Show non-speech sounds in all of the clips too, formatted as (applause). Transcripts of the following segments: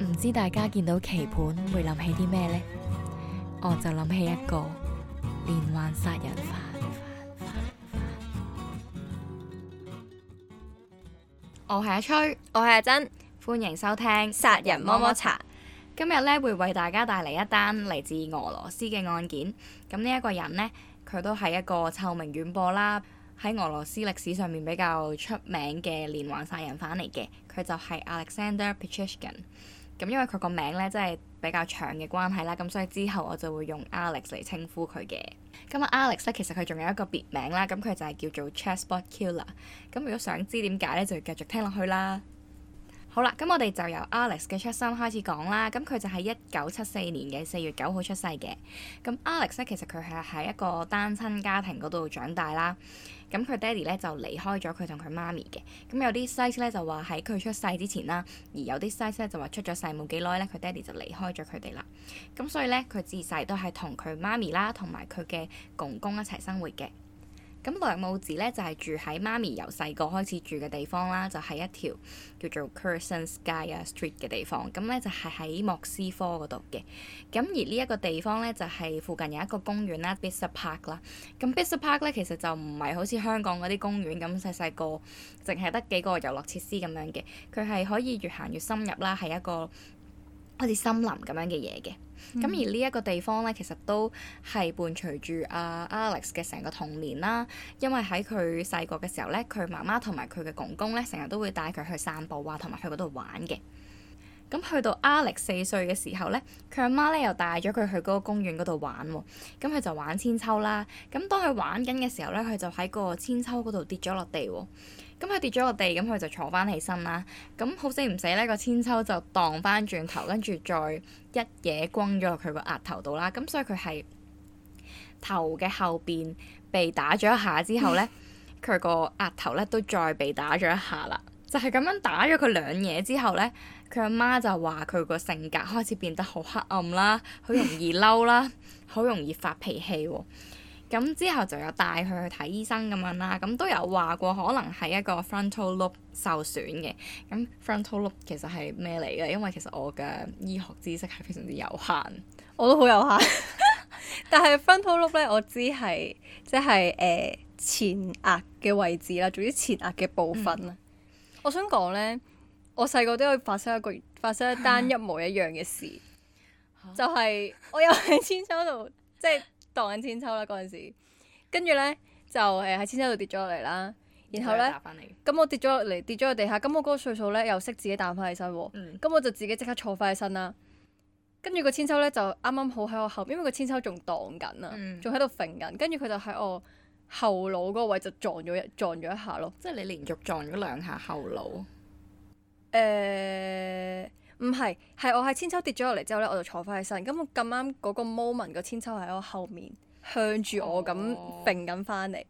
唔知大家見到棋盤會諗起啲咩呢？我就諗起一個連環殺人犯。煩煩煩煩我係阿崔，我係阿珍，歡迎收聽殺人摸摸茶。今日呢，會為大家帶嚟一單嚟自俄羅斯嘅案件。咁呢一個人呢，佢都係一個臭名遠播啦。喺俄羅斯歷史上面比較出名嘅連環殺人犯嚟嘅，佢就係 Alexander Pichushkin。咁因為佢個名咧，即係比較長嘅關係啦，咁所以之後我就會用 Alex 嚟稱呼佢嘅。咁啊 Alex 咧，其實佢仲有一個別名啦，咁佢就係叫做 Chessboard Killer。咁如果想知點解咧，就要繼續聽落去啦。好啦，咁我哋就由 Alex 嘅出生開始講啦。咁佢就喺一九七四年嘅四月九號出世嘅。咁 Alex 咧，其實佢係喺一個單親家庭嗰度長大啦。咁佢爹哋咧就離開咗佢同佢媽咪嘅，咁有啲 sources 咧就話喺佢出世之前啦，而有啲 sources 咧就話出咗世冇幾耐咧，佢爹哋就離開咗佢哋啦。咁所以咧佢自細都係同佢媽咪啦，同埋佢嘅公公一齊生活嘅。咁奈母子咧就係住喺媽咪由細個開始住嘅地方啦，就係一條叫做 Kursansky Street 嘅地方。咁咧就係喺莫斯科嗰度嘅。咁而呢一個地方咧就係附近有一個公園啦，Bitsa Park 啦。咁 Bitsa Park 咧其實就唔係好似香港嗰啲公園咁細細個，淨係得幾個遊樂設施咁樣嘅。佢係可以越行越深入啦，係一個，好似森林咁樣嘅嘢嘅，咁、嗯、而呢一個地方呢，其實都係伴隨住阿、啊、Alex 嘅成個童年啦。因為喺佢細個嘅時候呢，佢媽媽同埋佢嘅公公呢，成日都會帶佢去散步啊，同埋去嗰度玩嘅。咁去到 Alex 四歲嘅時候呢，佢阿媽呢又帶咗佢去嗰個公園嗰度玩喎。咁佢就玩鞦韆啦。咁當佢玩緊嘅時候呢，佢就喺個鞦韆嗰度跌咗落地喎。咁佢跌咗落地，咁佢就坐翻起身啦。咁、嗯、好死唔死呢，個千秋就盪翻轉頭，跟住再一嘢轟咗落佢個額頭度啦。咁所以佢係頭嘅後邊被打咗一下之後呢，佢個 (laughs) 額頭呢都再被打咗一下啦。就係、是、咁樣打咗佢兩嘢之後呢，佢阿媽就話佢個性格開始變得好黑暗啦，好容易嬲啦，好容易發脾氣喎。咁之後就有帶佢去睇醫生咁樣啦，咁都有話過可能係一個 frontal lobe 受損嘅。咁 frontal lobe 其實係咩嚟嘅？因為其實我嘅醫學知識係非常之有限，我都好有限。 (laughs) 但係 frontal lobe 咧，我知係即係誒前額嘅位置啦，總之前額嘅部分啦、嗯。我想講咧，我細個都會發生一個發生一單一模一樣嘅事， (laughs) 就係、是、我又喺千秋度即係。就是蕩緊千秋啦嗰陣時，跟住咧就誒喺千秋度跌咗落嚟啦，然後咧咁我跌咗落嚟跌咗落地下，咁我嗰個歲數咧又識自己彈翻起身，咁、嗯、我就自己即刻坐翻起身啦。跟住個千秋咧就啱啱好喺我後邊，因為個千秋仲蕩緊啊，仲喺度揈緊，跟住佢就喺我後腦嗰個位就撞咗一、撞咗一下咯，即係你連續撞咗兩下後腦。誒、欸。唔係，係我喺鞦韆跌咗落嚟之後咧，我就坐翻起身。咁我咁啱嗰個 moment，個鞦韆喺我後面向我，向住我咁並緊翻嚟，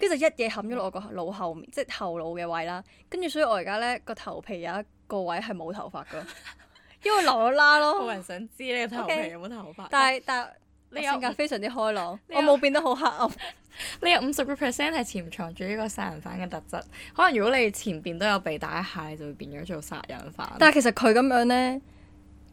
跟住就一嘢冚咗落我個腦後面，oh. 即係後腦嘅位啦。跟住所以我，我而家咧個頭皮有一個位係冇頭髮噶， (laughs) 因為留咗啦咯。冇人想知你個頭皮有冇頭，Okay. 頭髮。但係但。但你性格非常之開朗，有我冇變得好黑暗。 (laughs) 你有五十個 percent 係潛藏住呢個殺人犯嘅特質，可能如果你前面都有被打一下，就會變咗做殺人犯。但係其實佢咁樣呢，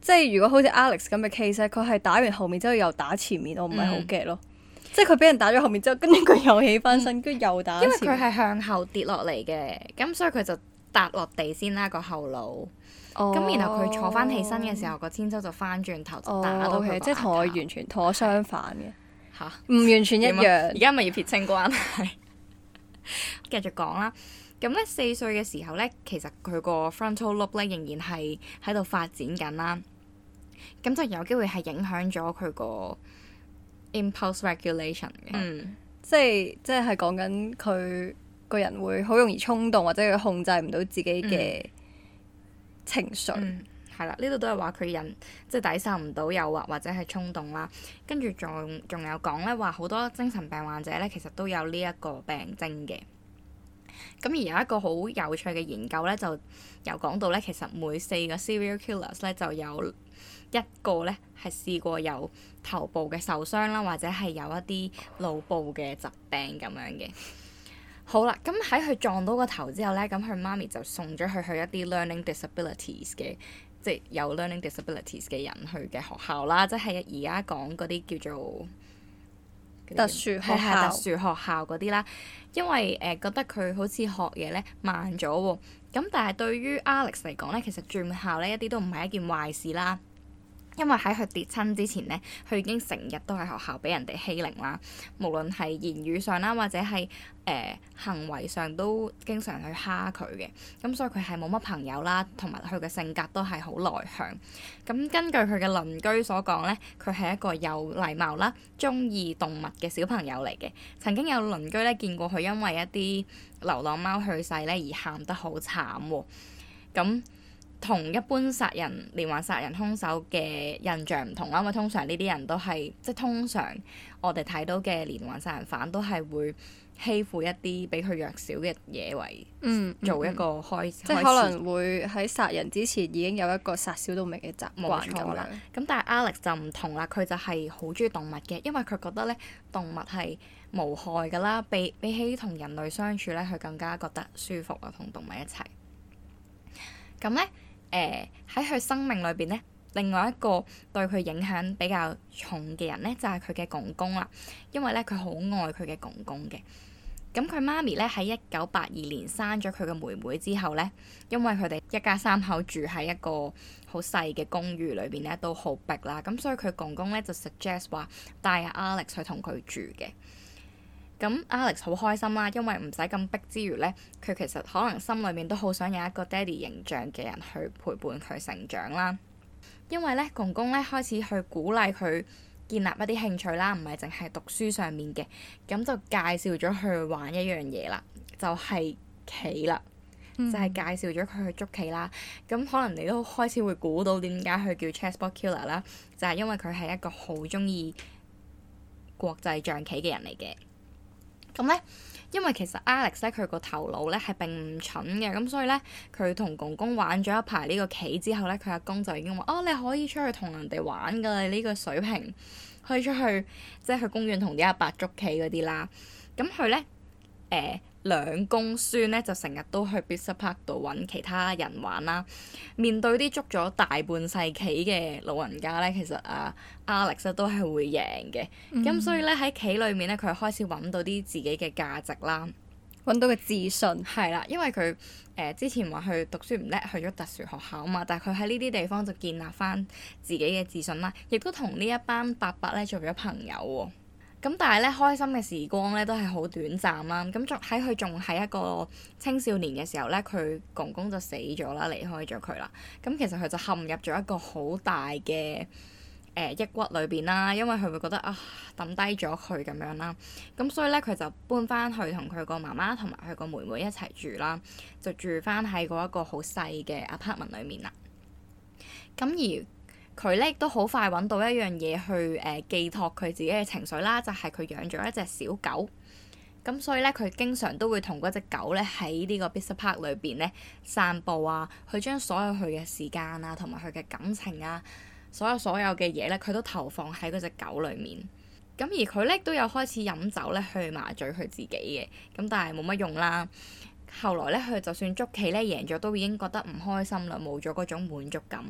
即係如果好似 Alex 咁嘅 case 佢係打完後面之後又打前面，我唔係好 get 咯。嗯、即係佢俾人打咗後面之後，跟住佢又起翻身，跟住、嗯、又打。因為佢係向後跌落嚟嘅，咁所以佢就踏落地先啦，那個後腦。咁，oh, 然後佢坐翻起身嘅時候，個韆鞦就翻轉頭就打到佢，oh, okay. 即係同我完全同對我相反嘅吓，唔 (laughs) 完全一樣，而家咪要撇清關係，繼 (laughs) (laughs) 續講啦。咁咧四歲嘅時候咧，其實佢個 frontal lobe 咧仍然係喺度發展緊啦，咁就有機會係影響咗佢個 impulse regulation 嘅， (laughs) 嗯，即係即係係講緊佢。個人會好容易衝動，或者佢控制唔到自己嘅情緒，係啦、嗯。呢度都係話佢人即係、就是、抵受唔到誘惑，或者係衝動啦。跟住仲仲有講咧，話好多精神病患者咧，其實都有呢一個病徵嘅。咁而有一個好有趣嘅研究咧，就有講到咧，其實每四個 serial killers 咧，就有一個咧係試過有頭部嘅受傷啦，或者係有一啲腦部嘅疾病咁樣嘅。好啦，咁喺佢撞到個頭之後呢，咁佢媽咪就送咗佢去一啲 learning disabilities 嘅，即係有 learning disabilities 嘅人去嘅學校啦，即係而家講嗰啲叫做特殊學校、特殊學校嗰啲啦。因為誒、呃、覺得佢好似學嘢呢慢咗喎，咁但係對於 Alex 嚟講呢，其實轉校呢一啲都唔係一件壞事啦。因為喺佢跌親之前咧，佢已經成日都喺學校俾人哋欺凌啦，無論係言語上啦，或者係誒、呃、行為上都經常去蝦佢嘅，咁所以佢係冇乜朋友啦，同埋佢嘅性格都係好內向。咁根據佢嘅鄰居所講咧，佢係一個有禮貌啦，中意動物嘅小朋友嚟嘅。曾經有鄰居咧見過佢因為一啲流浪貓去世咧而喊得好慘喎，咁。同一般殺人連環殺人兇手嘅印象唔同啦，因為通常呢啲人都係即係通常我哋睇到嘅連環殺人犯都係會欺負一啲比佢弱小嘅嘢為，嗯，做一個開，即係可能會喺殺人之前已經有一個殺小到微嘅習慣咁。但係 Alex 就唔同啦，佢就係好鍾意動物嘅，因為佢覺得呢動物係無害㗎啦，比比起同人類相處呢，佢更加覺得舒服啊，同動物一齊。咁呢～誒喺佢生命裏邊咧，另外一個對佢影響比較重嘅人咧，就係佢嘅公公啦。因為咧，佢好愛佢嘅公公嘅。咁佢媽咪咧，喺一九八二年生咗佢嘅妹妹之後咧，因為佢哋一家三口住喺一個好細嘅公寓裏邊咧，都好逼啦。咁所以佢公公咧就 suggest 話帶阿 Alex 去同佢住嘅。咁 Alex 好開心啦、啊，因為唔使咁逼之餘呢，佢其實可能心裏面都好想有一個 daddy 形象嘅人去陪伴佢成長啦。因為咧，公公咧開始去鼓勵佢建立一啲興趣啦，唔係淨係讀書上面嘅。咁就介紹咗去玩一樣嘢啦，就係、是、棋啦，嗯、就係介紹咗佢去捉棋啦。咁可能你都開始會估到點解佢叫 Chessboard Killer 啦，就係、是、因為佢係一個好鍾意國際象棋嘅人嚟嘅。咁咧，因為其實 Alex 咧佢個頭腦咧係並唔蠢嘅，咁所以咧佢同公公玩咗一排呢個棋之後咧，佢阿公就已經話：哦，你可以出去同人哋玩㗎啦，呢個水平，可以出去即係去公園同啲阿伯捉棋嗰啲啦。咁佢咧，誒、呃。兩公孫咧就成日都去 Bitsa Park 度揾其他人玩啦。面對啲捉咗大半世棋嘅老人家咧，其實啊 Alex 都係會贏嘅。咁、嗯、所以咧喺棋裏面咧，佢開始揾到啲自己嘅價值啦，揾到嘅自信係啦。因為佢誒、呃、之前話去讀書唔叻，去咗特殊學校啊嘛。但係佢喺呢啲地方就建立翻自己嘅自信啦，亦都同呢一班伯伯咧做咗朋友喎、啊。咁但係咧，開心嘅時光咧都係好短暫啦。咁仲喺佢仲係一個青少年嘅時候咧，佢公公就死咗啦，離開咗佢啦。咁其實佢就陷入咗一個好大嘅誒、呃、抑鬱裏邊啦，因為佢會覺得啊抌低咗佢咁樣啦。咁所以咧，佢就搬翻去同佢個媽媽同埋佢個妹妹一齊住啦，就住翻喺嗰一個好細嘅 apartment 裏面啦。咁而佢咧都好快揾到一樣嘢去誒寄託佢自己嘅情緒啦，就係、是、佢養咗一隻小狗。咁所以咧，佢經常都會同嗰隻狗咧喺呢個 beach park 裏邊咧散步啊。佢將所有佢嘅時間啊，同埋佢嘅感情啊，所有所有嘅嘢咧，佢都投放喺嗰隻狗裏面。咁而佢咧都有開始飲酒咧，去麻醉佢自己嘅。咁但係冇乜用啦。後來咧，佢就算捉棋咧贏咗，都已經覺得唔開心啦，冇咗嗰種滿足感。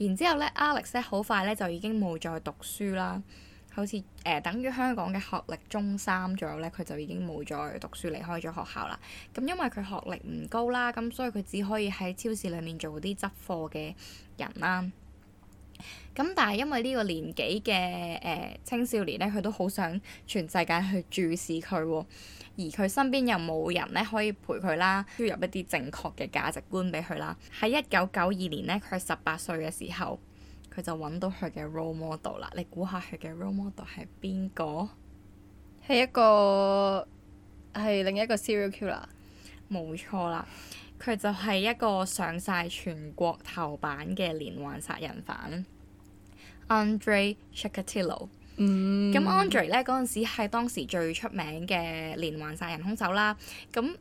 然之後咧，Alex 咧好快咧就已經冇再讀書啦，好似誒、呃、等於香港嘅學歷中三左右咧，佢就已經冇再讀書離開咗學校啦。咁因為佢學歷唔高啦，咁所以佢只可以喺超市裡面做啲執貨嘅人啦。咁但係因為呢個年紀嘅誒青少年咧，佢都好想全世界去注視佢。而佢身邊又冇人咧可以陪佢啦，輸入一啲正確嘅價值觀俾佢啦。喺一九九二年咧，佢十八歲嘅時候，佢就揾到佢嘅 role model 啦。你估下佢嘅 role model 係邊個？係一個係另一個 serial killer。冇錯啦，佢就係一個上晒全國頭版嘅連環殺人犯，Andrei Chikatilo。And 咁 Andrei 咧嗰陣時係當時最出名嘅連環殺人兇手啦。咁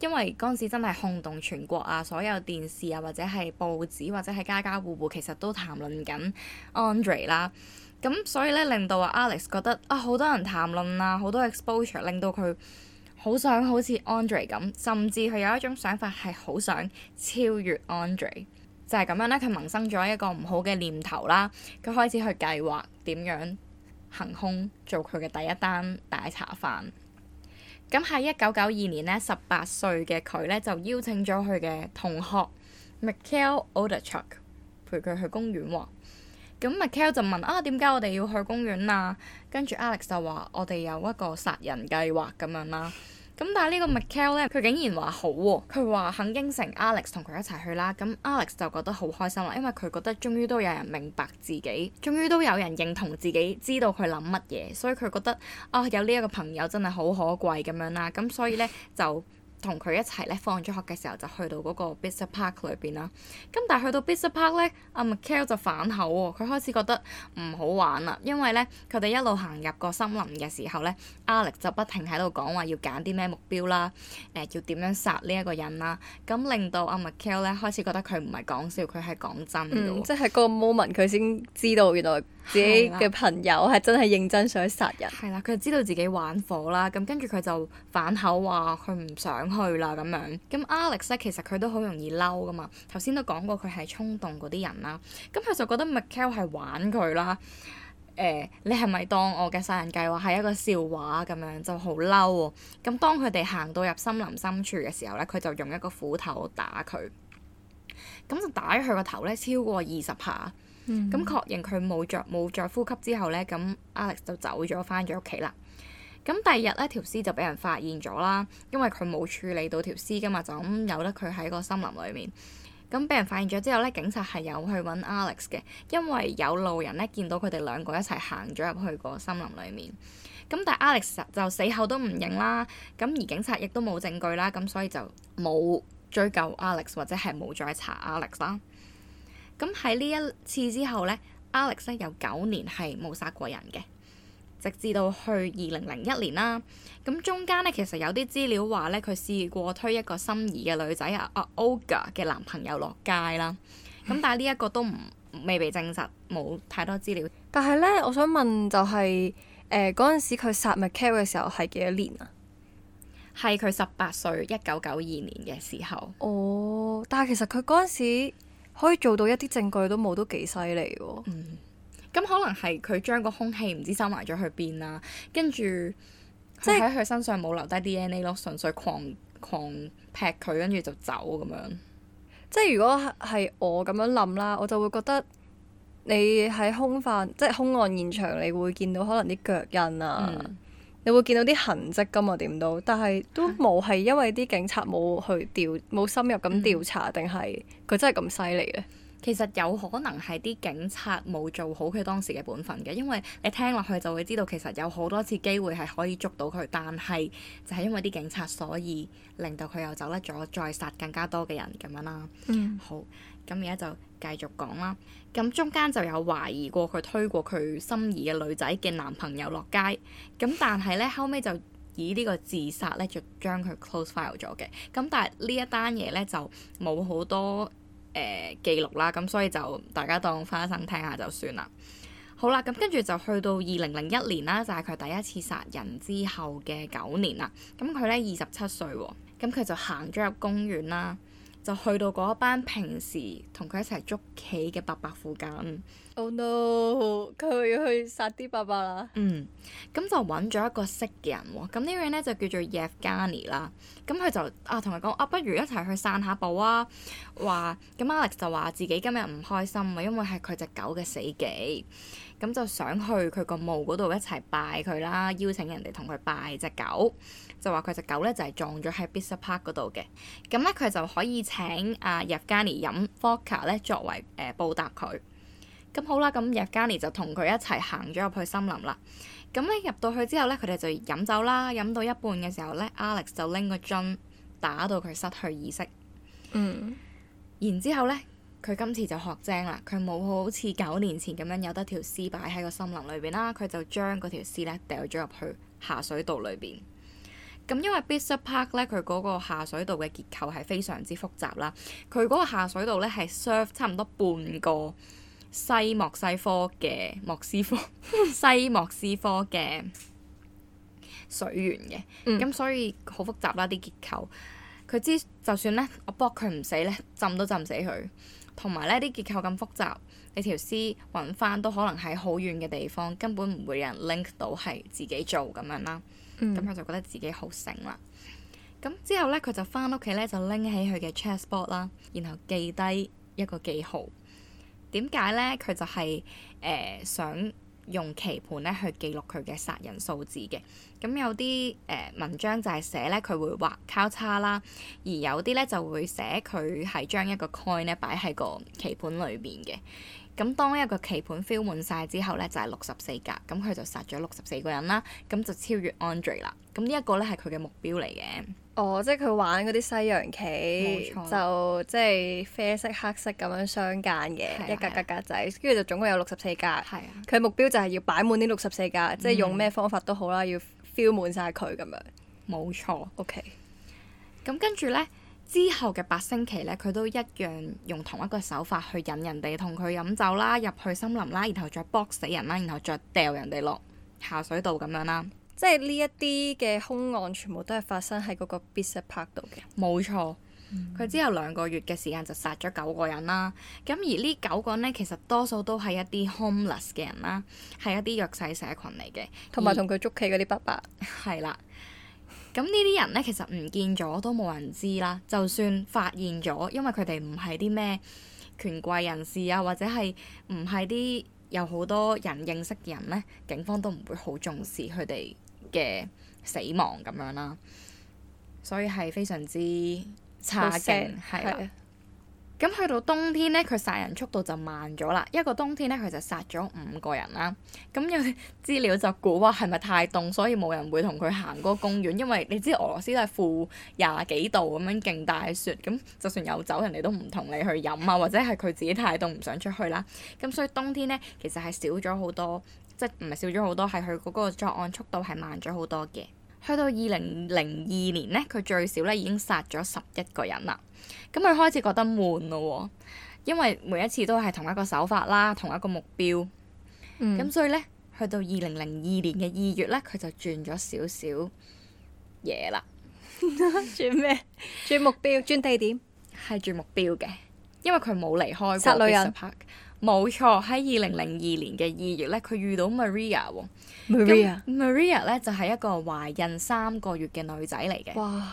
因為嗰陣時真係轟動全國啊，所有電視啊，或者係報紙，或者係家家戶戶，其實都談論緊 Andrei 啦。咁所以咧令到 Alex 覺得啊，好多人談論啊，好多 exposure，令到佢好想好似 Andrei 咁，甚至佢有一種想法係好想超越 Andrei 就係咁樣咧。佢萌生咗一個唔好嘅念頭啦。佢開始去計劃點樣，行兇做佢嘅第一單大茶飯。咁喺一九九二年呢，十八歲嘅佢呢就邀請咗佢嘅同學 Michael Odichuk 陪佢去公園喎。咁 Michael 就問啊，點解我哋要去公園啊？跟住 Alex 就話：我哋有一個殺人計劃咁樣啦。咁但係呢個麥凱爾咧，佢竟然話好喎、啊，佢話肯應承 Alex 同佢一齊去啦。咁 Alex 就覺得好開心啦，因為佢覺得終於都有人明白自己，終於都有人認同自己，知道佢諗乜嘢，所以佢覺得啊，有呢一個朋友真係好可貴咁樣啦。咁所以咧就。同佢一齊咧，放咗學嘅時候就去到嗰個 Bizarre Park 裏邊啦。咁但係去到 Bizarre Park 咧，阿麥凱爾就反口喎、哦，佢開始覺得唔好玩啦。因為咧，佢哋一路行入個森林嘅時候咧，Alex 就不停喺度講話要揀啲咩目標啦，誒、呃、要點樣殺呢一個人啦。咁令到阿、啊、麥凱爾咧開始覺得佢唔係講笑，佢係講真嘅、嗯、即係嗰個 moment 佢先知道原來，自己嘅朋友係真係認真想殺人。係啦，佢就知道自己玩火啦，咁跟住佢就反口話佢唔想去啦咁樣。咁 Alex 其實佢都好容易嬲噶嘛，頭先都講過佢係衝動嗰啲人啦。咁佢就覺得 Michael 係玩佢啦。誒、欸，你係咪當我嘅殺人計劃係一個笑話咁樣就好嬲喎？咁當佢哋行到入森林深處嘅時候咧，佢就用一個斧頭打佢，咁就打咗佢個頭咧超過二十下。咁、嗯、確認佢冇着，冇再呼吸之後呢，咁 Alex 就走咗返咗屋企啦。咁第二日呢，條屍就俾人發現咗啦，因為佢冇處理到條屍噶嘛，就咁由得佢喺個森林裡面。咁俾人發現咗之後呢，警察係有去揾 Alex 嘅，因為有路人呢見到佢哋兩個一齊行咗入去個森林裡面。咁但係 Alex 就死口都唔認啦。咁而警察亦都冇證據啦，咁所以就冇追究 Alex 或者係冇再查 Alex 啦。咁喺呢一次之後呢，Alex 有九年係冇殺過人嘅，直至到去二零零一年啦。咁中間呢，其實有啲資料話呢，佢試過推一個心儀嘅女仔啊阿 Olga 嘅男朋友落街啦。咁但係呢一個都唔未被證實，冇太多資料。但係呢，我想問就係誒嗰陣時佢殺 McKell 嘅時候係幾多年啊？係佢十八歲，一九九二年嘅時候。哦，但係其實佢嗰陣時。可以做到一啲證據都冇，都幾犀利喎！咁、嗯、可能係佢將個空氣唔知收埋咗去邊啦，跟住即係喺佢身上冇留低 DNA 咯即，純粹狂狂劈佢，跟住就走咁樣。即係如果係我咁樣諗啦，我就會覺得你喺兇犯、嗯、即係兇案現場，你會見到可能啲腳印啊。嗯你會見到啲痕跡㗎嘛？點都，但係都冇，係因為啲警察冇去調，冇、嗯、深入咁調查，定係佢真係咁犀利咧？其實有可能係啲警察冇做好佢當時嘅本分嘅，因為你聽落去就會知道其實有好多次機會係可以捉到佢，但係就係因為啲警察，所以令到佢又走甩咗，再殺更加多嘅人咁樣啦。嗯、好，咁而家就繼續講啦。咁中間就有懷疑過佢推過佢心儀嘅女仔嘅男朋友落街，咁但係呢，後尾就以呢個自殺呢，就將佢 close file 咗嘅。咁但係呢一單嘢呢，就冇好多。誒、呃、記錄啦，咁所以就大家當花生聽下就算啦。好啦，咁跟住就去到二零零一年啦，就係、是、佢第一次殺人之後嘅九年啦。咁佢呢，二十七歲喎、哦，咁佢就行咗入公園啦，就去到嗰一班平時同佢一齊捉棋嘅伯伯附近。oh no！佢要去殺啲爸爸啦。嗯，咁就揾咗一個識嘅人喎。咁呢樣咧就叫做 Yevgeny 啦。咁佢就啊，同佢講啊，不如一齊去散下步啊。話咁 Alex 就話自己今日唔開心啊，因為係佢隻狗嘅死忌。咁就想去佢個墓嗰度一齊拜佢啦，邀請人哋同佢拜隻狗。就話佢隻狗咧就係撞咗喺 Bishop Park 嗰度嘅。咁咧佢就可以請啊 Yevgeny 飲 Vodka 咧，作為誒、呃、報答佢。咁好啦，咁日加尼就同佢一齊行咗入去森林啦。咁咧入到去之後咧，佢哋就飲酒啦。飲到一半嘅時候咧 (noise) ，Alex 就拎個樽打到佢失去意識。嗯，然之後咧，佢今次就學精啦。佢冇好似九年前咁樣有得條屍擺喺個森林裏邊啦。佢就將嗰條屍咧掉咗入去下水道裏邊。咁因為 Bish Park 咧，佢嗰個下水道嘅結構係非常之複雜啦。佢嗰個下水道咧係 serve 差唔多半個。西莫西科嘅莫斯科， (laughs) 西莫斯科嘅水源嘅，咁、嗯、所以好複雜啦啲結構。佢知就算咧，我搏佢唔死咧，浸都浸唔死佢。同埋咧，啲結構咁複雜，你條屍搵翻都可能喺好遠嘅地方，根本唔會有人 link 到係自己做咁樣啦。咁佢、嗯、就覺得自己好醒啦。咁之後咧，佢就翻屋企咧，就拎起佢嘅 chessboard 啦，然後記低一個記號。點解咧？佢就係、是、誒、呃、想用棋盤咧去記錄佢嘅殺人數字嘅。咁有啲誒、呃、文章就係寫咧，佢會畫交叉啦，而有啲咧就會寫佢係將一個 coin 咧擺喺個棋盤裏邊嘅。咁當一個棋盤 fill 滿晒之後咧，就係六十四格，咁佢就殺咗六十四個人啦，咁就超越 Andrei 啦。咁呢一個咧係佢嘅目標嚟嘅。哦，即係佢玩嗰啲西洋棋，冇錯。就即係啡色、黑色咁樣相間嘅、啊、一格格格仔，跟住、啊、就總共有六十四格。係啊。佢目標就係要擺滿呢六十四格，嗯、即係用咩方法都好啦，要 fill 滿晒佢咁樣。冇錯。O K。咁跟住咧，之後嘅八星期咧，佢都一樣用同一個手法去引人哋同佢飲酒啦，入去森林啦，然後再 box 死人啦，然後再掉人哋落下，下水道咁樣啦。即係呢一啲嘅凶案，全部都係發生喺嗰個 Bitsa Park 度嘅。冇錯，佢、嗯、之後兩個月嘅時間就殺咗九個人啦。咁而呢九個人呢，其實多數都係一啲 homeless 嘅人啦，係一啲弱勢社群嚟嘅，同埋同佢捉棋嗰啲伯伯。係啦。咁呢啲人呢，其實唔見咗都冇人知啦。就算發現咗，因為佢哋唔係啲咩權貴人士啊，或者係唔係啲有好多人認識嘅人呢，警方都唔會好重視佢哋。嘅死亡咁樣啦，所以係非常之差勁。係咁去到冬天呢，佢殺人速度就慢咗啦。一個冬天呢，佢就殺咗五個人啦。咁有資料就估啊，係咪太凍，所以冇人會同佢行嗰個公園？因為你知俄羅斯都係負廿幾度咁樣，勁大雪。咁就算有酒，人哋都唔同你去飲啊，或者係佢自己太凍唔想出去啦。咁所以冬天呢，其實係少咗好多。即唔係少咗好多，係佢嗰個作案速度係慢咗好多嘅。去到二零零二年呢，佢最少呢已經殺咗十一個人啦。咁佢開始覺得悶咯，因為每一次都係同一個手法啦，同一個目標。咁、嗯、所以呢，去到二零零二年嘅二月呢，佢就轉咗少少嘢啦。轉咩 (laughs) 麼？轉 (laughs) 目標？轉地點？係轉目標嘅，因為佢冇離開過殺女人冇錯，喺二零零二年嘅二月咧，佢遇到、哦、Maria 喎。Maria 咧就係、是、一個懷孕三個月嘅女仔嚟嘅。哇！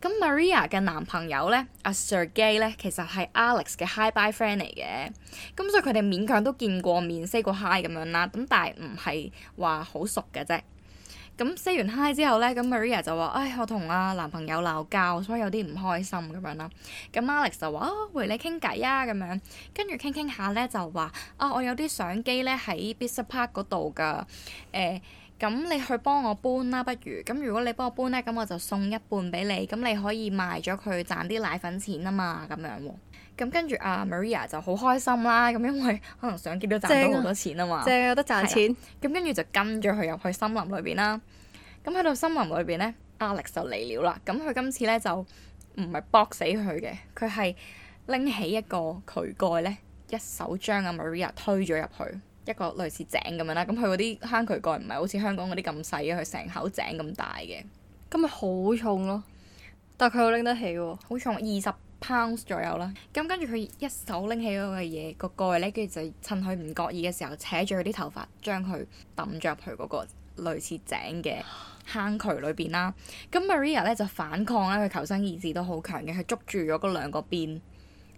咁 Maria 嘅男朋友咧，阿、啊、Serge 咧，其實係 Alex 嘅 Hi Bye friend 嚟嘅。咁所以佢哋勉強都見過面 say 過 hi 咁樣啦。咁但係唔係話好熟嘅啫。咁 say 完 hi 之後咧，咁 Maria 就話：唉、哎，我同啊男朋友鬧交，所以有啲唔開心咁樣啦。咁 Alex 就話：哦、喂啊，陪你傾偈啊，咁樣。跟住傾傾下咧，就話：啊、哦，我有啲相機咧喺 Bitsa Park 嗰度噶。誒、欸，咁你去幫我搬啦，不如？咁如果你幫我搬咧，咁我就送一半俾你。咁你可以賣咗佢賺啲奶粉錢啊嘛，咁樣喎。咁跟住啊 Maria 就好開心啦，咁因為可能上機都賺到好多錢啊嘛，即係有得賺錢。咁跟住就跟咗佢入去森林裏邊啦。咁喺度森林裏邊咧 Alex 就嚟了啦。咁佢今次咧就唔係搏死佢嘅，佢係拎起一個渠蓋咧，一手將啊 Maria 推咗入去一個類似井咁樣啦。咁佢嗰啲坑渠蓋唔係好似香港嗰啲咁細嘅，佢成口井咁大嘅。咁咪好重咯，但係佢好拎得起喎、哦，好重二十 ounce 左右啦，咁跟住佢一手拎起嗰個嘢、個蓋咧，跟住就趁佢唔覺意嘅時候扯住佢啲頭髮，將佢揼著去嗰個類似井嘅坑渠裏邊啦。咁哇 Maria 咧就反抗啦。佢求生意志都好強嘅，佢捉住咗嗰兩個邊，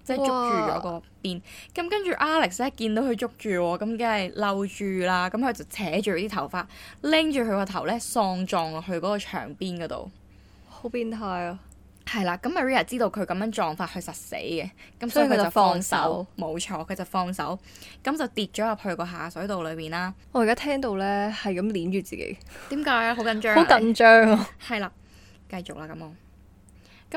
即係捉住咗個邊。咁哇跟住 Alex 咧見到佢捉住喎，咁梗係嬲住啦。咁佢就扯住佢啲頭髮，拎住佢個頭咧，喪撞落去嗰個牆邊嗰度，好變態啊！係啦，咁 Maria 知道佢咁樣撞法，佢實死嘅，咁所以佢就放手，冇錯，佢就放手，咁就，就跌咗入去個下水道裏面啦。我而家聽到咧係咁捏住自己，點解好緊張？好緊張啊！係啦，啊，繼你 (laughs) 續啦，咁我，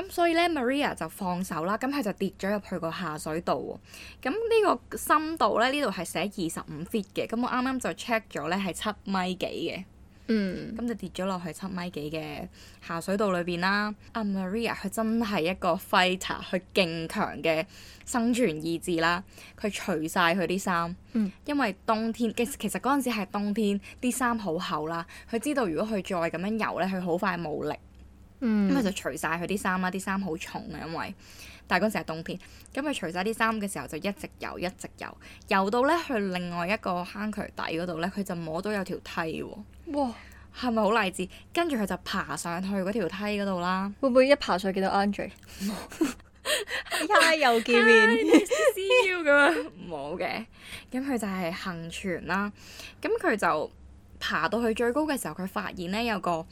咁所以咧 Maria 就放手啦，咁佢就跌咗入去個下水道喎。咁呢個深度咧，呢度係寫二十五 fit 嘅，咁我啱啱就 check 咗咧係七米幾嘅。嗯，咁就跌咗落去七米幾嘅下水道裏邊啦。阿、啊、Maria 佢真係一個 fighter，佢勁強嘅生存意志啦。佢除晒佢啲衫，嗯、因為冬天其實嗰陣時係冬天，啲衫好厚啦。佢知道如果佢再咁樣游呢，佢好快冇力，咁佢、嗯、就除晒佢啲衫啦。啲衫好重嘅，因為、啊。但嗰陣時係冬天，咁佢除晒啲衫嘅時候就一直游，一直游。游到咧去另外一個坑渠底嗰度咧，佢就摸到有條梯喎、哦。哇！係咪好勵志？跟住佢就爬上去嗰條梯嗰度啦。會唔會一爬上去見到 Andrei 冇、？ (laughs) (laughs) 哎，又見面，燒咁啊！冇嘅。 (laughs) 咁佢就係幸存啦。咁佢就爬到去最高嘅時候，佢發現咧有個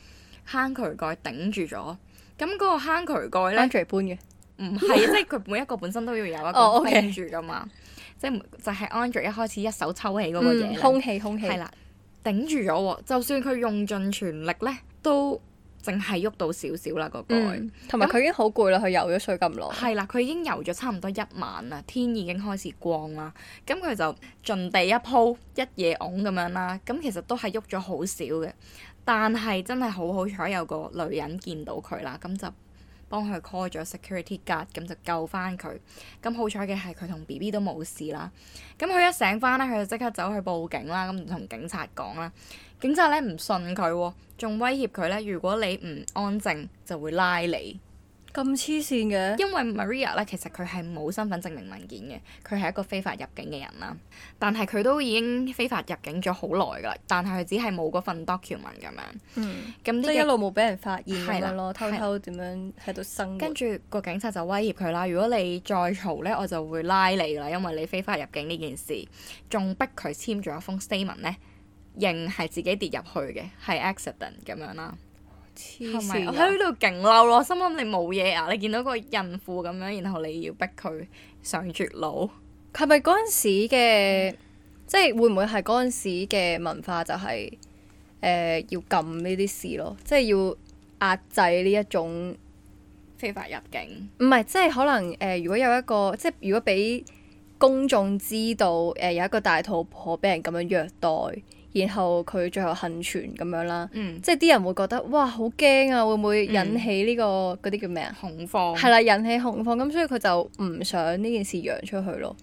坑渠蓋頂住咗。咁嗰個坑渠蓋咧，Andrei 搬嘅。唔係， (laughs) 即係佢每一個本身都要有一個撐住噶嘛。oh, okay. 即係就係 Andrei 一開始一手抽起嗰個嘢、嗯，空氣空氣係啦，頂住咗喎。就算佢用盡全力咧，都淨係喐到少少啦，個同埋佢已經好攰啦，佢游咗水咁耐。係啦，佢已經游咗差唔多一晚啦，天已經開始光啦。咁佢就盡地一鋪一夜拱咁樣啦。咁其實都係喐咗好少嘅，但係真係好好彩有個女人見到佢啦，咁就。幫佢 call 咗 security guard，咁就救翻佢。咁好彩嘅係佢同 BB 都冇事啦。咁佢一醒翻咧，佢就即刻走去報警啦，咁同警察講啦。警察咧，唔信佢哦，仲威脅佢咧：如果你唔安靜，就會拉你。咁黐線嘅，因為 Maria 咧，其實佢係冇身份證明文件嘅，佢係一個非法入境嘅人啦。但係佢都已經非法入境咗好耐㗎，但係佢只係冇嗰份 document 咁樣。嗯。咁、這個，即係一路冇俾人發現。係啦，啦偷偷點樣喺度生。跟住個警察就威脅佢啦，如果你再嘈咧，我就會拉你啦，因為你非法入境呢件事，仲逼佢簽咗一封 statement 咧，認係自己跌入去嘅，係 accident 咁樣啦。係咪我喺度勁嬲咯？是是心諗你冇嘢啊！你見到個孕婦咁樣，然後你要逼佢上絕路，係咪嗰陣時嘅、嗯、即係會唔會係嗰陣時嘅文化就係、是、誒、呃、要撳呢啲事咯？即係要壓制呢一種非法入境。唔係，即係可能誒、呃，如果有一個即係如果俾公眾知道誒、呃、有一個大肚婆俾人咁樣虐待。然後佢最後幸存咁樣啦，嗯、即係啲人會覺得哇好驚啊，會唔會引起呢、這個嗰啲、嗯、叫咩啊？恐慌係啦，引起恐慌咁，所以佢就唔想呢件事揚出去咯。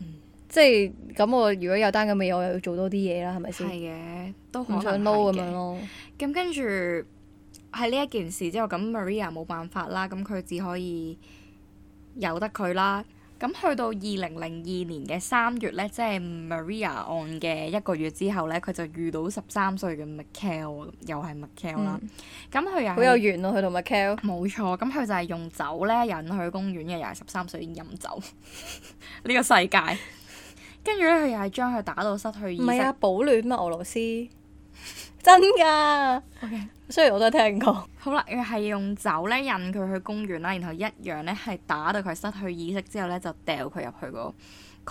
嗯、即係咁，我如果有單咁嘅嘢，我又要做多啲嘢啦，係咪先？係嘅，都唔想撈咁樣咯。咁跟住喺呢一件事之後，咁 Maria 冇辦法啦，咁佢只可以由得佢啦。咁去到二零零二年嘅三月咧，即、就、係、是、Maria 案嘅一個月之後咧，佢就遇到十三歲嘅 Michael，又係 Michael 啦。咁佢、嗯、又好有緣咯、啊，佢同 Michael。冇錯，咁佢就係用酒咧引去公園嘅，又係十三歲飲酒呢個世界 (laughs) 呢。跟住咧，佢又係將佢打到失去意識。唔係啊，保暖咩、啊？俄羅斯。 (laughs) 真噶，okay。雖然我都係聽人講。好啦，佢係用酒咧引佢去公園啦，然後一樣咧係打到佢失去意識之後咧，就掉佢入去個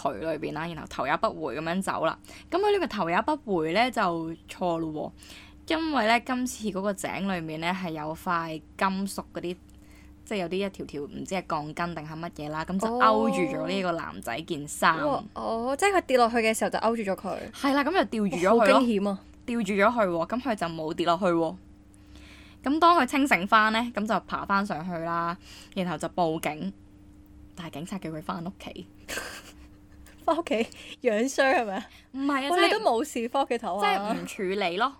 渠裏邊啦，然後頭也不回咁樣走啦。咁佢呢個頭也不回咧就錯咯，因為咧今次嗰個井裏面咧係有塊金屬嗰啲，即係有啲一條條唔知係鋼筋定係乜嘢啦，咁就勾住咗呢個男仔件衫。哦，即係佢跌落去嘅時候就勾住咗佢。係啦，咁就釣住咗佢，好驚險啊！吊住咗佢，咁佢就冇跌落去。咁當佢清醒翻咧，咁就爬翻上去啦，然後就報警。但係警察叫佢翻屋企，翻屋企養傷係咪啊？唔係啊，我哋都冇事，翻屋企唞下咯，即係唔處理咯，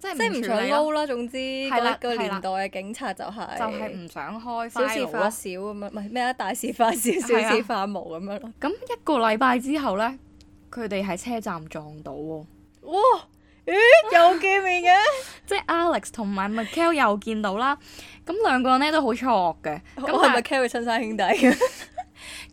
即係即係唔想撈啦。總之嗰個年代嘅警察就係就係、是、唔想開，想開小事化小咁啊，唔係咩啊？大事化小，小，小了，小事化無咁樣咯。咁一個禮拜之後咧，佢哋喺車站撞到喎。哇咦，又見面嘅、啊？ (laughs) 即係 Alex 同埋 Michael 又見到啦，咁兩個人咧都好錯嘅。咁係咪 Kel 嘅親生兄弟？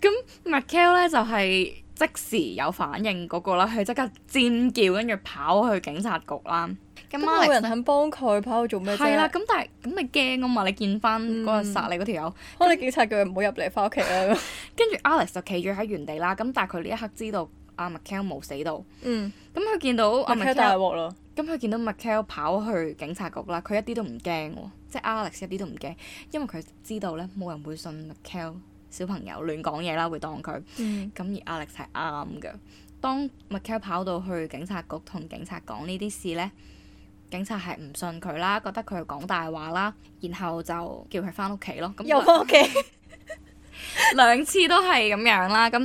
咁 Michael 咧就係、是、即時有反應嗰、那個啦，佢即刻尖叫，跟住跑去警察局啦。咁冇人肯幫佢，跑去做咩啫？係啦，咁但係咁咪驚啊嘛！你見翻嗰日殺你嗰條友，我哋、嗯、那警察叫唔好入嚟，翻屋企啦。跟住 Alex 就企住喺原地啦，咁但係佢呢一刻知道。阿麥凱爾冇死到，咁佢見到阿麥凱爾大鑊咯，咁佢見到麥凱爾跑去警察局啦，佢一啲都唔驚喎，即係亞歷斯一啲都唔驚，因為佢知道咧冇人會信麥凱爾小朋友亂講嘢啦，會當佢，咁、嗯、而亞歷斯係啱嘅。當麥凱爾跑到去警察局同警察講呢啲事咧，警察係唔信佢啦，覺得佢係講大話啦，然後就叫佢翻屋企咯，咁又翻屋企。那她 (laughs) (laughs) 兩次都係咁樣啦，咁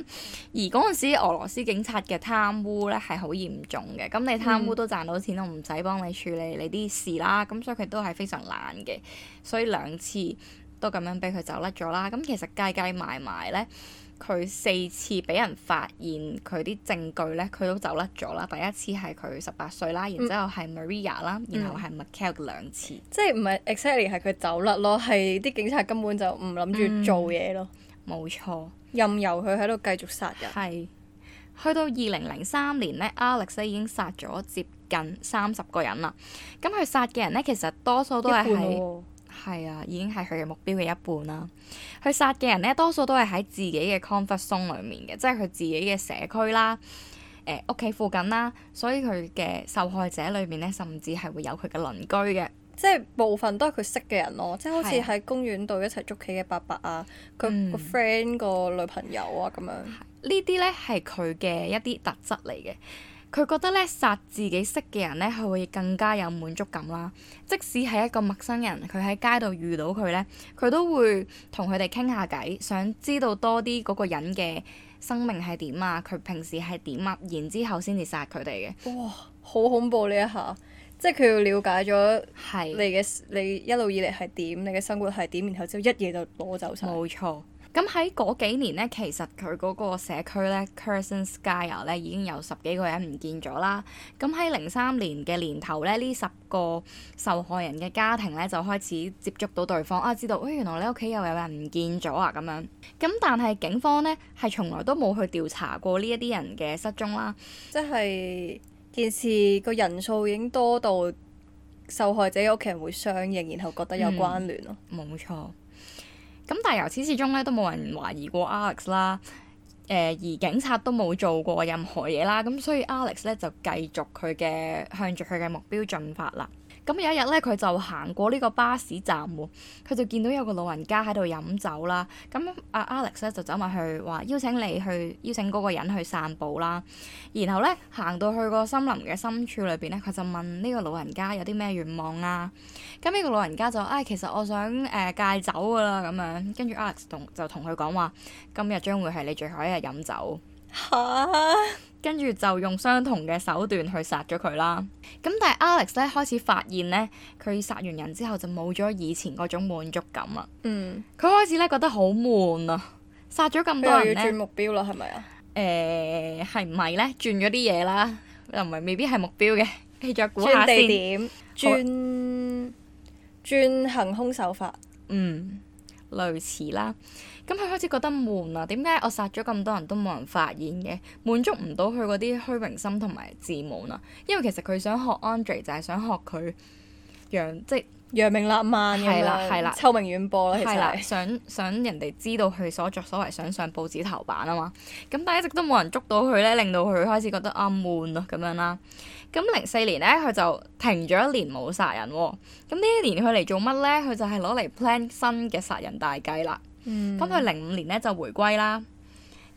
而嗰陣時俄羅斯警察嘅貪污咧係好嚴重嘅，咁你貪污都賺到錢，都唔使幫你處理你啲事啦，咁所以佢都係非常懶嘅，所以兩次都咁樣俾佢走甩咗啦，咁其實計計埋埋咧。佢四次俾人發現佢啲證據咧，佢都走甩咗啦。第一次係佢十八歲啦，然之後係 Maria 啦，然後係 Michael 兩次。即係唔係 exactly 係佢走甩咯，係啲警察根本就唔諗住做嘢咯。嗯，冇錯，任由佢喺度繼續殺人。係。去到二零零三年咧，Alex 已經殺咗接近三十個人啦。咁佢殺嘅人咧，其實多數都係喺。係啊，已經係佢嘅目標嘅一半啦。佢殺嘅人咧，多數都係喺自己嘅 comfort zone 裏面嘅，即係佢自己嘅社區啦、誒屋企附近啦，所以佢嘅受害者裏面咧，甚至係會有佢嘅鄰居嘅，即係部分都係佢識嘅人咯，即係好似喺公園度一齊捉棋嘅伯伯啊，佢、啊、個 friend、嗯、個女朋友啊咁樣。呢啲咧係佢嘅一啲特質嚟嘅。佢覺得咧，殺自己識嘅人咧，佢會更加有滿足感啦。即使係一個陌生人，佢喺街度遇到佢咧，佢都會同佢哋傾下偈，想知道多啲嗰個人嘅生命係點啊，佢平時係點啊，然之後先至殺佢哋嘅。哇！好恐怖呢一下，即係佢要了解咗你嘅係你，你一路以嚟係點，你嘅生活係點，然後之後一嘢就攞走晒。冇錯。咁喺嗰幾年呢，其實佢嗰個社區呢 c u r e s c n Sky 咧已經有十幾個人唔見咗啦。咁喺零三年嘅年頭咧，呢十個受害人嘅家庭呢，就開始接觸到對方啊，知道誒、哎、原來你屋企又有人唔見咗啊咁樣。咁但係警方呢，係從來都冇去調查過呢一啲人嘅失蹤啦。即係件事個人數已經多到受害者嘅屋企人會相認，然後覺得有關聯咯。嗯、冇錯。咁但係由始至終咧都冇人懷疑過 Alex 啦，誒而警察都冇做過任何嘢啦，咁所以 Alex 咧就繼續佢嘅向住佢嘅目標進發啦。咁有一日咧，佢就行過呢個巴士站喎，佢就見到有個老人家喺度飲酒啦。咁阿 Alex 咧就走埋去，話邀請你去，邀請嗰個人去散步啦。然後咧行到去個森林嘅深處裏邊咧，佢就問呢個老人家有啲咩願望啊？咁呢個老人家就唉、哎，其實我想誒、呃、戒酒噶啦咁樣。跟住 Alex 同就同佢講話，今日將會係你最後一日飲酒。嚇！ (laughs) 跟住就用相同嘅手段去殺咗佢啦。咁但係 Alex 咧開始發現咧，佢殺完人之後就冇咗以前嗰種滿足感啦。嗯，佢開始咧覺得好悶啊，殺咗咁多人要轉目標啦，係咪啊？誒，係唔係咧？轉咗啲嘢啦，又唔係未必係目標嘅。你再估下先。轉地點，轉轉好行兇手法。嗯。類似啦，咁佢開始覺得悶啦。點解我殺咗咁多人都冇人發現嘅？滿足唔到佢嗰啲虛榮心同埋自滿啦。因為其實佢想學 Andrei，就係想學佢。揚即揚名立萬㗎啦，臭名遠播啦。其實 (laughs) 想想人哋知道佢所作所為，想上報紙頭版啊嘛。咁但係一直都冇人捉到佢咧，令到佢開始覺得啱、啊、悶咯咁樣啦。咁零四年咧，佢就停咗一年冇殺人喎。咁呢一年佢嚟做乜咧？佢就係攞嚟 plan 新嘅殺人大計啦。咁佢零五年咧就回歸啦。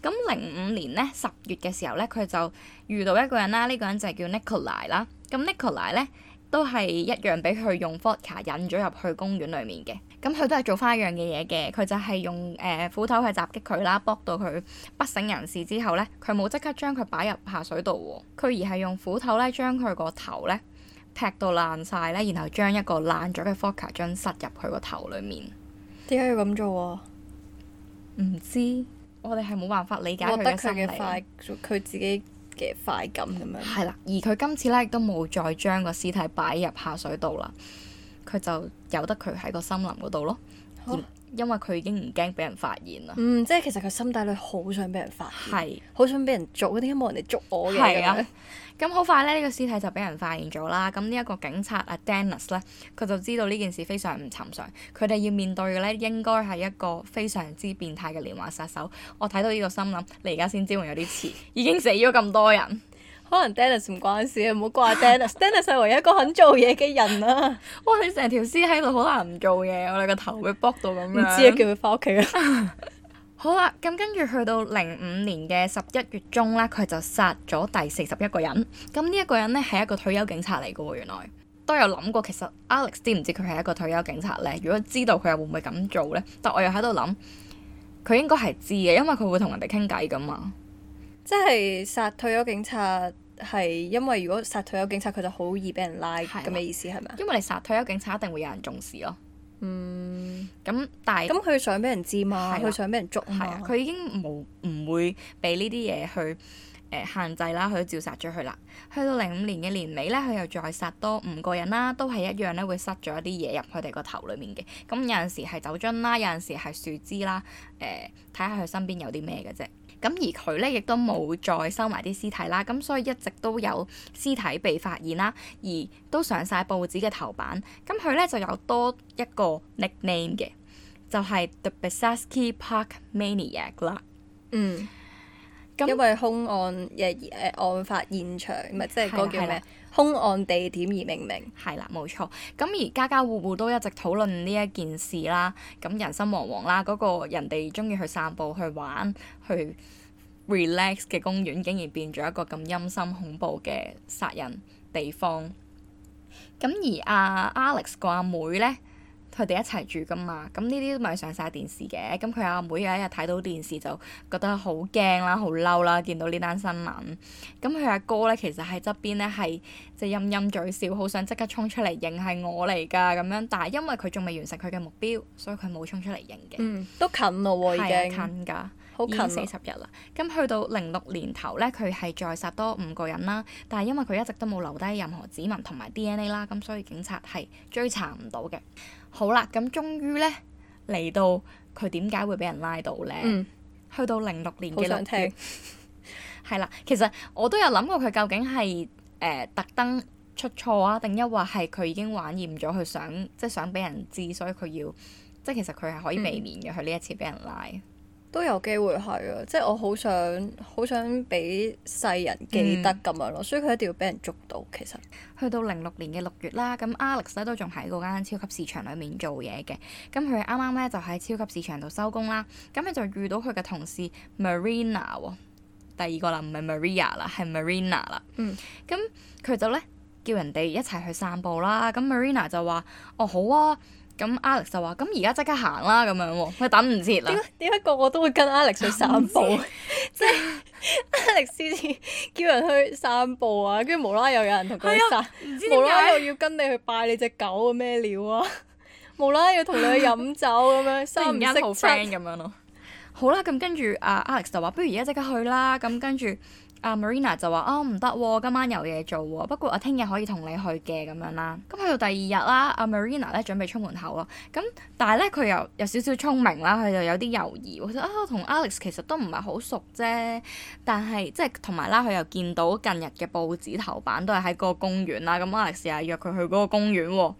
咁零五年咧十月嘅時候咧，佢就遇到一個人啦。呢、呢個人就係叫 Nicola 啦。咁 Nicola 咧。都係一樣俾佢用 Vodka 引咗入去公園裏面嘅，咁佢都係做翻一樣嘅嘢嘅，佢就係用誒、呃、斧頭去襲擊佢啦，剝到佢不省人事之後呢，佢冇即刻將佢擺入下水道喎，佢而係用斧頭咧將佢個頭呢劈到爛晒呢，然後將一個爛咗嘅 Vodka 樽塞入佢個頭裡面。點解要咁做啊？唔知，我哋係冇辦法理解佢佢自己。嘅快感咁樣，係啦。而佢今次咧，亦都冇再將個屍體擺入下水道啦，佢就由得佢喺個森林嗰度咯。Oh. 因為佢已經唔驚俾人發現啦。嗯，即係其實佢心底裏好想俾人發現，好是想俾人捉，點解冇人哋捉我嘅咁樣？咁好、啊、快咧，呢個屍體就俾人發現咗啦。咁呢一個警察阿 Denis 咧，佢就知道呢件事非常唔尋常，佢哋要面對嘅咧應該係一個非常之變態嘅連環殺手。我睇到呢個心諗，你而家先知會有啲遲，已經死咗咁多人。可能 Dennis 唔關事，唔好怪 Dennis。Dennis 係唯一一個肯做嘢嘅人啊。哇！你成條屍喺度，好難唔做嘢。我哋個頭會 block 到咁樣。唔知啊，叫佢翻屋企啊。 (laughs) (laughs) (laughs) 好啦，咁跟住去到零五年嘅十一月中啦，佢就殺咗第四十一個人。咁呢一個人咧係一個退休警察嚟嘅喎，原來都有諗過。其實 Alex 知唔知佢係一個退休警察咧？如果知道佢又會唔會咁做咧？但我又喺度諗，佢應該係知嘅，因為佢會同人哋傾偈噶嘛。即係殺退休警察。係因為如果殺退休警察，佢就好易俾人拉。咁嘅意思係咪啊？因為你殺退休警察一定會有人重視咯。嗯，咁但係咁佢想俾人知嘛？係佢、啊、想俾人捉。係啊，佢已經冇唔會俾呢啲嘢去誒、呃、限制啦，佢都照殺咗佢啦。去到零五年嘅年尾咧，佢又再殺多五個人啦，都係一樣咧，會塞咗一啲嘢入佢哋個頭裡面嘅。咁有陣時係酒樽啦，有陣時係樹枝啦，誒睇下佢身邊有啲咩嘅啫。咁而佢咧亦都冇再收埋啲屍體啦，咁、啊、所以一直都有屍體被發現啦，而都上晒報紙嘅頭版。咁佢咧就有多一個 nickname 嘅，就係、是、The Bitsevsky Park Maniac 啦。嗯。因為凶案嘅案發現場，唔係即係嗰個叫咩？凶案地點而命名係啦，冇錯。咁而家家戶戶都一直討論呢一件事啦，咁人心惶惶啦。嗰、那個人哋中意去散步、去玩、去 relax 嘅公園，竟然變咗一個咁陰森恐怖嘅殺人地方。咁而阿、啊、Alex 個阿妹，妹呢？佢哋一齊住噶嘛，咁呢啲都咪上晒電視嘅。咁佢阿妹有一日睇到電視就覺得好驚啦，好嬲啦，見到呢單新聞。咁佢阿哥咧，其實喺側邊咧係即係陰陰嘴笑，好想即刻衝出嚟認係我嚟噶咁樣。但係因為佢仲未完成佢嘅目標，所以佢冇衝出嚟認嘅。嗯，都近咯喎，啊，已經、啊、近㗎。好近四十日啦，咁去到零六年頭咧，佢係再殺多五個人啦，但係因為佢一直都冇留低任何指紋同埋 DNA 啦，咁所以警察係追查唔到嘅。好啦，咁終於咧，嚟到佢點解會俾人拉到咧？嗯、去到零六年嘅十月，係 (laughs) 啦，其實我都有諗過佢究竟係誒特登出錯啊，定抑或係佢已經玩厭咗，佢想即係想俾人知，所以佢要即係其實佢係可以避免嘅，佢呢、嗯、一次俾人拉。都有機會係啊！即係我好想好想俾世人記得咁樣咯，嗯、所以佢一定要俾人捉到。其實去到零六年嘅六月啦，咁 Alex 都仲喺嗰間超級市場裏面做嘢嘅。咁佢啱啱咧就喺超級市場度收工啦，咁佢就遇到佢嘅同事 Marina 喎、喔。第二個啦，唔係 Maria 啦，係 Marina 啦。嗯。咁佢就咧叫人哋一齊去散步啦。咁 Marina 就話：哦，好啊。咁 Alex 就話：咁而家即刻行啦咁樣喎，佢等唔切啦。點點解個個都會跟 Alex 去散步？即係、啊、Alex 先至叫人去散步啊，跟住無啦又有人同佢散，啊、無啦又要跟你去拜你隻狗，咩料啊？ (laughs) 無啦要同你去飲酒咁 (laughs) (laughs) 樣、啊，三唔識好 friend 咁樣咯。好啦，咁跟住啊 Alex 就話：不如而家即刻去啦！咁跟住。阿 Marina 就話：啊，唔得喎，今晚有嘢做喎。不過我聽日可以同你去嘅咁樣啦。咁去到第二日啦，阿 Marina 咧準備出門口咯。咁但係咧，佢又有少少聰明啦，佢就有啲猶豫。佢話：啊，同 Alex 其實都唔係好熟啫。但係即係同埋啦，佢又見到近日嘅報紙頭版都係喺個公園啦。咁 Alex 又約佢去嗰個公園喎。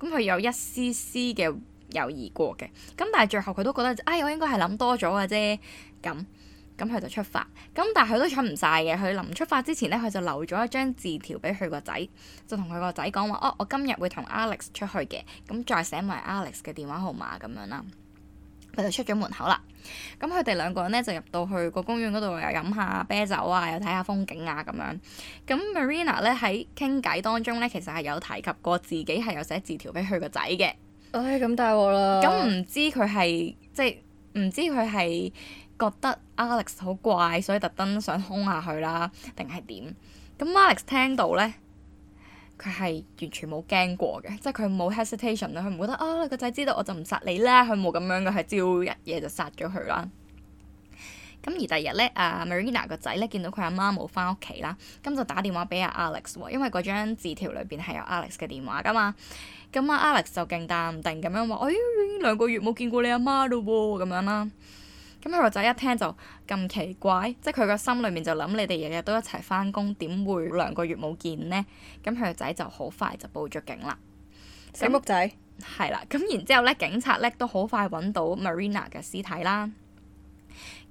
咁佢有一絲絲嘅猶豫過嘅。咁但係最後佢都覺得：哎，我應該係諗多咗嘅啫。咁。咁佢就出發，咁但係佢都蠢唔晒嘅。佢臨出發之前呢，佢就留咗一張字條俾佢個仔，就同佢個仔講話：哦，我今日會同 Alex 出去嘅，咁再寫埋 Alex 嘅電話號碼咁樣啦。佢就出咗門口啦。咁佢哋兩個人呢，就入到去個公園嗰度，又飲下啤酒啊，又睇下風景啊咁樣。咁 Marina 咧喺傾偈當中呢，其實係有提及過自己係有寫字條俾佢個仔嘅。唉，咁大鑊啦！咁唔知佢係即係唔知佢係，覺得 Alex 好怪，所以特登想兇下佢啦，定係點？咁 Alex 聽到呢，佢係完全冇驚過嘅，即係佢冇 hesitation 啦，佢唔覺得啊個仔知道我就唔殺你啦，佢冇咁樣嘅，係朝日嘢就殺咗佢啦。咁而第二日呢，阿、啊、Marina 個仔呢，見到佢阿媽冇翻屋企啦，咁就打電話俾阿 Alex，因為嗰張字條裏邊係有 Alex 嘅電話噶嘛。咁阿 Alex 就勁淡定咁樣話：哎，兩個月冇見過你阿媽嘞喎，咁樣啦。咁佢個仔一聽就咁奇怪，即係佢個心裏面就諗：你哋日日都一齊翻工，點會兩個月冇見呢？咁佢個仔就好快就報咗警啦。醒目仔係啦，咁然之後咧，警察咧都好快揾到 Marina 嘅屍體啦。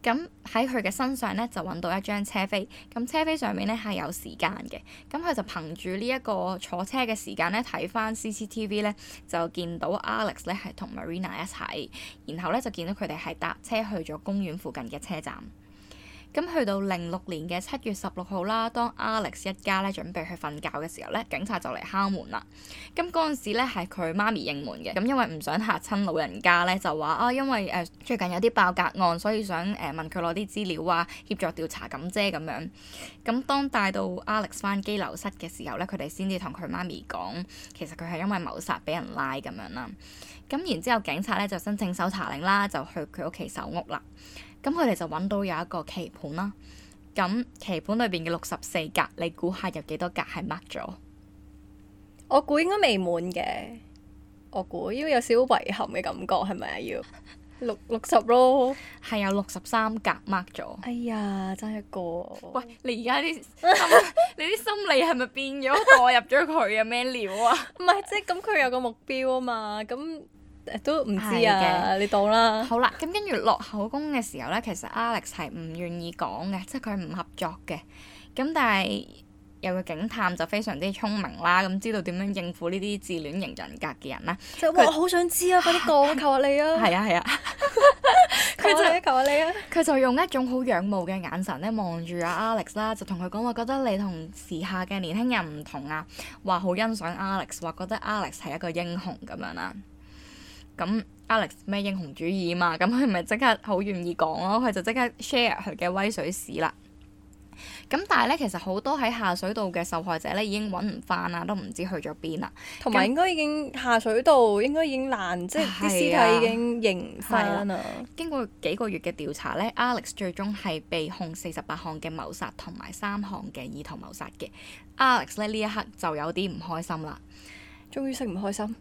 咁喺佢嘅身上咧就揾到一張車飛，咁車飛上面咧係有時間嘅。咁佢就憑住呢一個坐車嘅時間咧睇返 CCTV 咧，就見到 Alex 咧係同 Marina 一齊，然後咧就見到佢哋係搭車去咗公園附近嘅車站。咁去到零六年嘅七月十六號啦，當 Alex 一家咧準備去瞓覺嘅時候咧，警察就嚟敲門啦。咁嗰陣時咧係佢媽咪應門嘅，咁因為唔想嚇親老人家咧，就話啊，因為誒、呃、最近有啲爆格案，所以想誒、呃、問佢攞啲資料啊，協助調查咁啫咁樣。咁當帶到 Alex 翻羈留室嘅時候咧，佢哋先至同佢媽咪講，其實佢係因為謀殺俾人拉咁樣啦。咁然之後警察咧就申請搜查令啦，就去佢屋企搜屋啦。咁佢哋就揾到有一個棋盤啦，咁棋盤裏邊嘅六十四格，你估下有幾多格係 mark 咗？我估應該未滿嘅，我估，因為有少少遺憾嘅感覺，係咪啊？要六六十咯，係有六十三格 mark 咗。 (laughs) 哎呀，爭一個！喂，你而家啲心，你啲心理係咪變咗？代入咗佢啊，咩料啊？唔係，即係咁，佢有個目標啊嘛，咁。都唔知啊！的你到啦。好啦，咁跟住落口供嘅時候呢，其實 Alex 係唔願意講嘅，即係佢唔合作嘅。咁但係有個警探就非常之聰明啦，咁知道點樣應付呢啲自戀型人格嘅人啦。就是他哇！好想知啊！快啲講求下你啊。係啊係啊。啊啊 (laughs) 求下你， (laughs) 你，你啊！求下你啊！佢就用一種好仰慕嘅眼神咧，望住阿 Alex 啦，就同佢講話，覺得你同時下嘅年輕人唔同啊，話好欣賞 Alex，話覺得 Alex 係一個英雄咁樣啦。咁 Alex 咩英雄主義嘛？咁佢咪即刻好願意講咯、啊，佢就即刻 share 佢嘅威水史啦。咁但係咧，其實好多喺下水道嘅受害者咧，已經揾唔翻啦，都唔知去咗邊啦。同埋應該已經下水道那應該已經爛，即係啲屍體已經認唔翻啦、啊。經過幾個月嘅調查咧 (laughs) ，Alex 最終係被控四十八項嘅謀殺同埋三項嘅意圖謀殺嘅。Alex 咧呢一刻就有啲唔開心啦， (laughs) 終於識唔開心。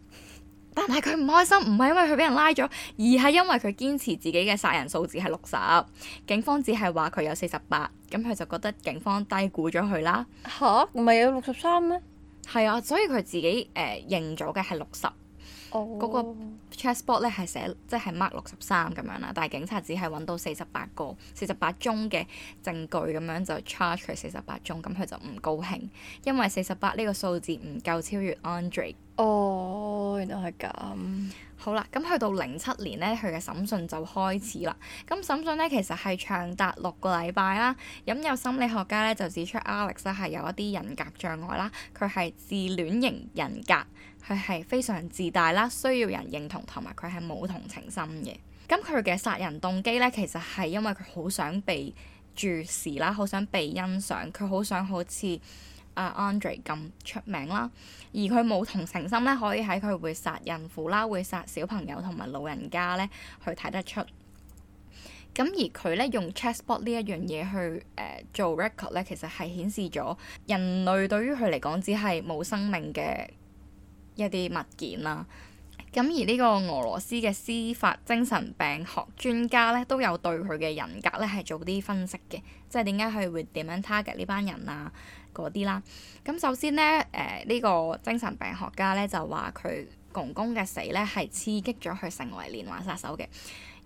但係佢唔開心，唔係因為佢俾人拉咗，而係因為佢堅持自己嘅殺人數字係六十。警方只係話佢有四十八，咁佢就覺得警方低估咗佢啦。吓？唔係有六十三咩？係啊，所以佢自己誒、呃、認咗嘅係六十。哦、oh.，嗰個 chessboard 咧係寫，即係 mark 六十三咁樣啦，但係警察只係揾到四十八個，四十八宗嘅證據咁樣就 charge 佢四十八宗，咁佢就唔高興，因為四十八呢個數字唔夠超越 Andrei。哦，oh, 原來係咁。好啦，咁去到零七年呢，佢嘅審訊就開始啦。咁審訊呢，其實係長達六個禮拜啦。咁有心理學家呢，就指出，Alex 係有一啲人格障礙啦，佢係自戀型人格，佢係非常自大啦，需要人認同，同埋佢係冇同情心嘅。咁佢嘅殺人動機呢，其實係因為佢好想被注視啦，好想被欣賞，佢好想好似，啊，Andrei 咁出名啦，而佢冇同情心咧，可以喺佢會殺孕婦啦，會殺小朋友同埋老人家咧，去睇得出。咁而佢咧用 Chessboard 呢一樣嘢去誒、uh, 做 record 咧，其實係顯示咗人類對於佢嚟講只係冇生命嘅一啲物件啦。咁而呢個俄羅斯嘅司法精神病學專家咧，都有對佢嘅人格咧係做啲分析嘅，即係點解佢會點樣 target 呢班人啊？嗰啲啦，咁首先呢，誒、呃、呢個精神病學家呢就話佢公公嘅死呢係刺激咗佢成為連環殺手嘅，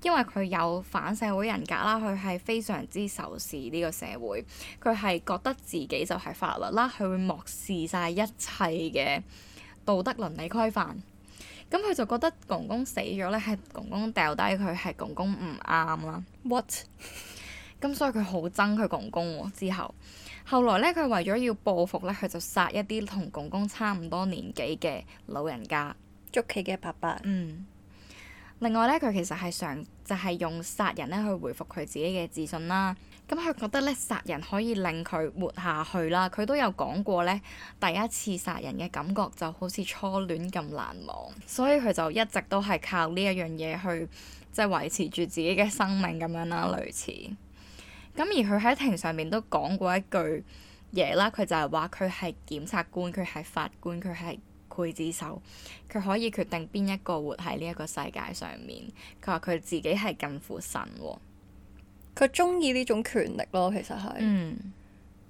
因為佢有反社會人格啦，佢係非常之仇視呢個社會，佢係覺得自己就係法律啦，佢會漠視晒一切嘅道德倫理規範，咁佢就覺得公公死咗呢係公公掉低佢，係公公唔啱啦，what？咁、嗯、所以佢好憎佢公公，啊。之後後來咧，佢為咗要報復咧，佢就殺一啲同公公差唔多年紀嘅老人家，捉棋嘅伯伯。嗯，另外咧，佢其實係常就係、是、用殺人咧去回復佢自己嘅自信啦。咁、嗯、佢覺得咧殺人可以令佢活下去啦。佢都有講過咧，第一次殺人嘅感覺就好似初戀咁難忘，所以佢就一直都係靠呢一樣嘢去即係維持住自己嘅生命咁樣啦、啊，類似。咁而佢喺庭上面都講過一句嘢啦，佢就係話佢係檢察官，佢係法官，佢係劊子手，佢可以決定邊一個活喺呢一個世界上面。佢話佢自己係近乎神，佢中意呢種權力咯，其實，係嗯，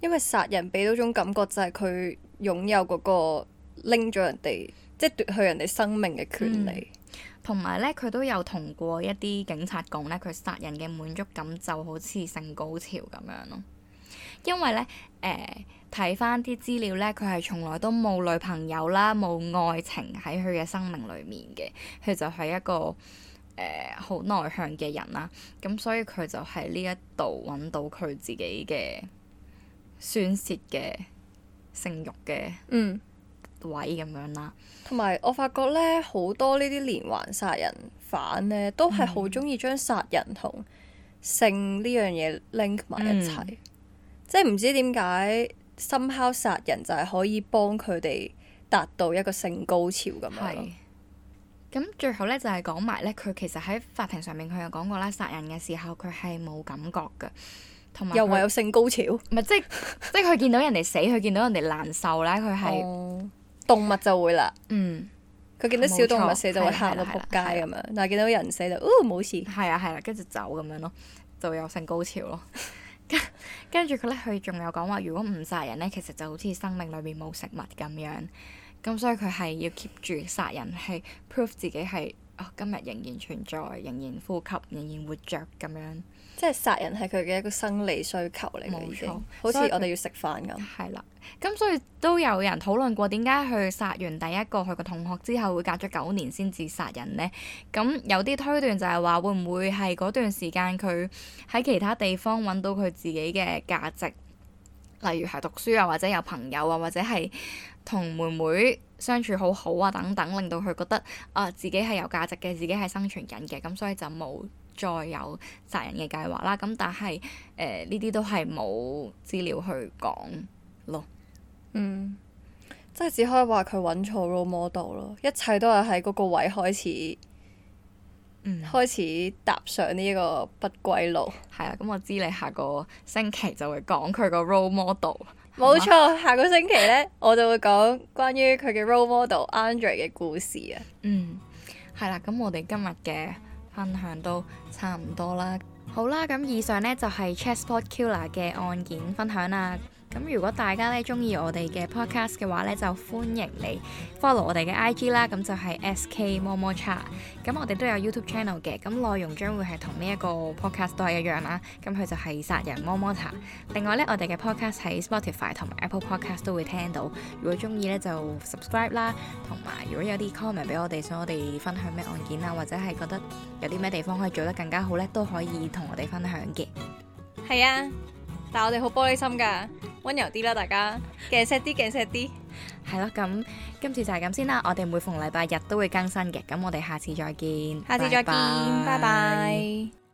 因為殺人俾到種感覺就係佢擁有嗰個拎咗人哋，即係奪去人哋生命嘅權利。嗯同埋咧，佢都有同過一啲警察講咧，佢殺人嘅滿足感就好似性高潮咁樣咯。因為咧，誒睇返啲資料咧，佢係從來都冇女朋友啦，冇愛情喺佢嘅生命裡面嘅，佢就係一個誒好內向嘅人啦、啊。咁所以佢就喺呢一度揾到佢自己嘅宣泄嘅性慾嘅。嗯。位咁樣啦，同埋我發覺咧，好多呢啲連環殺人犯咧，都係好中意將殺人同性呢樣嘢 link 埋一齊。嗯、即係唔知點解 somehow 殺人就係可以幫佢哋達到一個性高潮咁樣。係，咁最後咧就係講埋咧，佢其實喺法庭上面佢又講過啦，殺人嘅時候佢係冇感覺噶，同埋又話有性高潮，唔係即係即係佢見到人哋死，佢見 (laughs) 到人哋難受咧，佢係、哦。動物就會啦，嗯，佢見到小動物錯死就會吓到仆街咁樣，但係見到人死就，哦冇事，係啊係啦，跟住走咁樣咯，就有性高潮咯，跟住佢咧，佢仲有講話，如果唔殺人咧，其實就好似生命裏面冇食物咁樣，咁所以佢係要 keep 住殺人，係 prove 自己係，哦今日仍然存在，仍然呼吸，仍然活着咁樣。即係殺人係佢嘅一個生理需求嚟嘅，已經。冇錯。好似我哋要食飯咁。係啦，咁所以都有人討論過點解佢殺完第一個佢嘅同學之後，會隔咗九年先至殺人呢？咁有啲推斷就係話，會唔會係嗰段時間佢喺其他地方揾到佢自己嘅價值？例如係讀書啊，或者有朋友啊，或者係同妹妹相處好好啊，等等，令到佢覺得啊、呃、自己係有價值嘅，自己係生存緊嘅，咁所以就冇再有殺人嘅計劃啦。咁但係誒呢啲都係冇資料去講咯。嗯，即係只可以話佢揾錯 role model 咯，一切都係喺嗰個位開始。嗯、開始踏上呢個不歸路。係啦、嗯，咁我知你下個星期就會講佢個 role model 嗎。冇錯，下個星期呢， (laughs) 我就會講關於佢嘅 role model Andrei 嘅故事啊。嗯，係啦，咁我哋今日嘅分享都差唔多啦。 (music) 好啦，咁以上呢就係 Chessboard Killer 嘅案件分享啦。咁如果大家咧中意我哋嘅 podcast 嘅話咧，就歡迎你 follow 我哋嘅 IG 啦，咁就係 SK 魔魔茶。咁我哋都有 YouTube channel 嘅，咁內容將會係同呢一個 podcast 都係一樣啦。咁佢就係殺人魔魔茶。另外咧，我哋嘅 podcast 喺 Spotify 同埋 Apple Podcast 都會聽到。如果中意咧，就 subscribe 啦。同埋如果有啲 comment 俾我哋，想我哋分享咩案件啊，或者係覺得有啲咩地方可以做得更加好咧，都可以同我哋分享嘅。係啊。但我哋好玻璃心㗎，溫柔啲啦，大家，勁錫啲，勁錫啲。係咯，咁今次就係咁先啦。我哋每逢禮拜日都會更新嘅，咁我哋下次再見。下次再見，拜拜 bye。 (laughs)